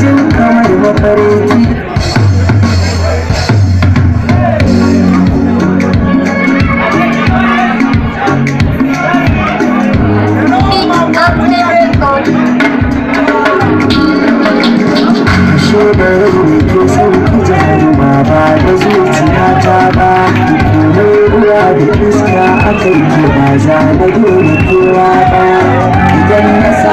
jin kamar mafarki So ke ba da zuciya ta ba Kuma ruwa da iska aka yi ba za na dole kowa ba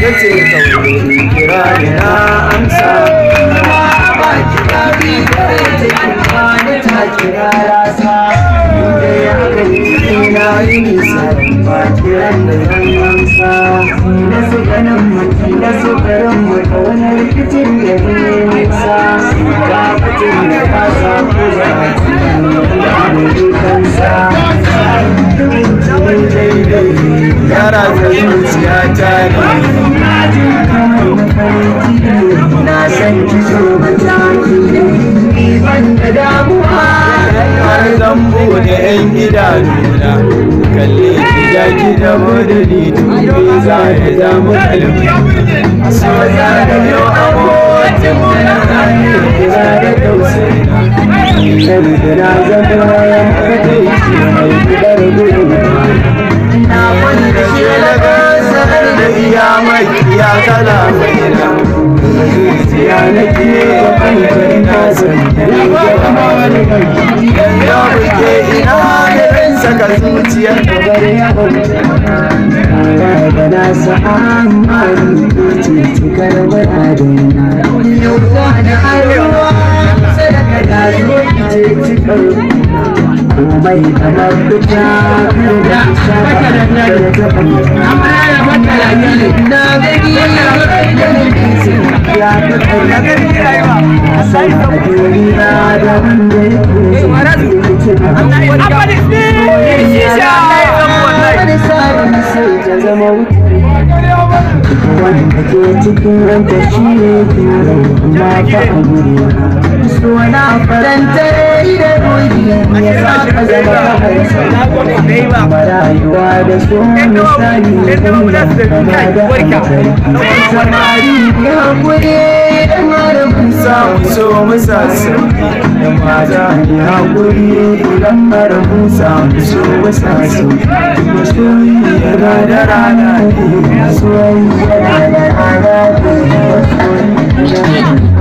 ta ce sauri kira ina amsa a kira bi kare ta kuma da ta kira rasa inda ya aka yi ina yi nisa ba kiran da zan amsa na su ganin mutu na su karin mutu wani rikicin da ne nisa ba mutum da ka samu ba Yara ta zuciya ta ne da damuwa har zan bude yan idanuna kalle gida gida madadi tuni za ya zama kalmi so za da yau abokin muna hanyar kira da tausayina saboda na zama ya kaɗe shi mai kudar gudunma na wani da ke daga sanar da iya mai iya kalamai zuciya nake kwantar na sanyi ya kuke ina da ran saka zuciyar ka bari ya da na sa'amma zuci cikar wadadina yau da arewa sadaka da zuci cikar komai kamar fita kan da saba da ta fahimta. Na gani yana da Wanda ke cikin ranta shi ne ke rai, na fa'a gurina. rayuwa da su misali kama da hankali samari ya haƙuri da mara kusa so musa su mata ya haƙuri idan mara kusa so musa su masoyi yana da rana ne masoyi yana da rana ne yi yana da rana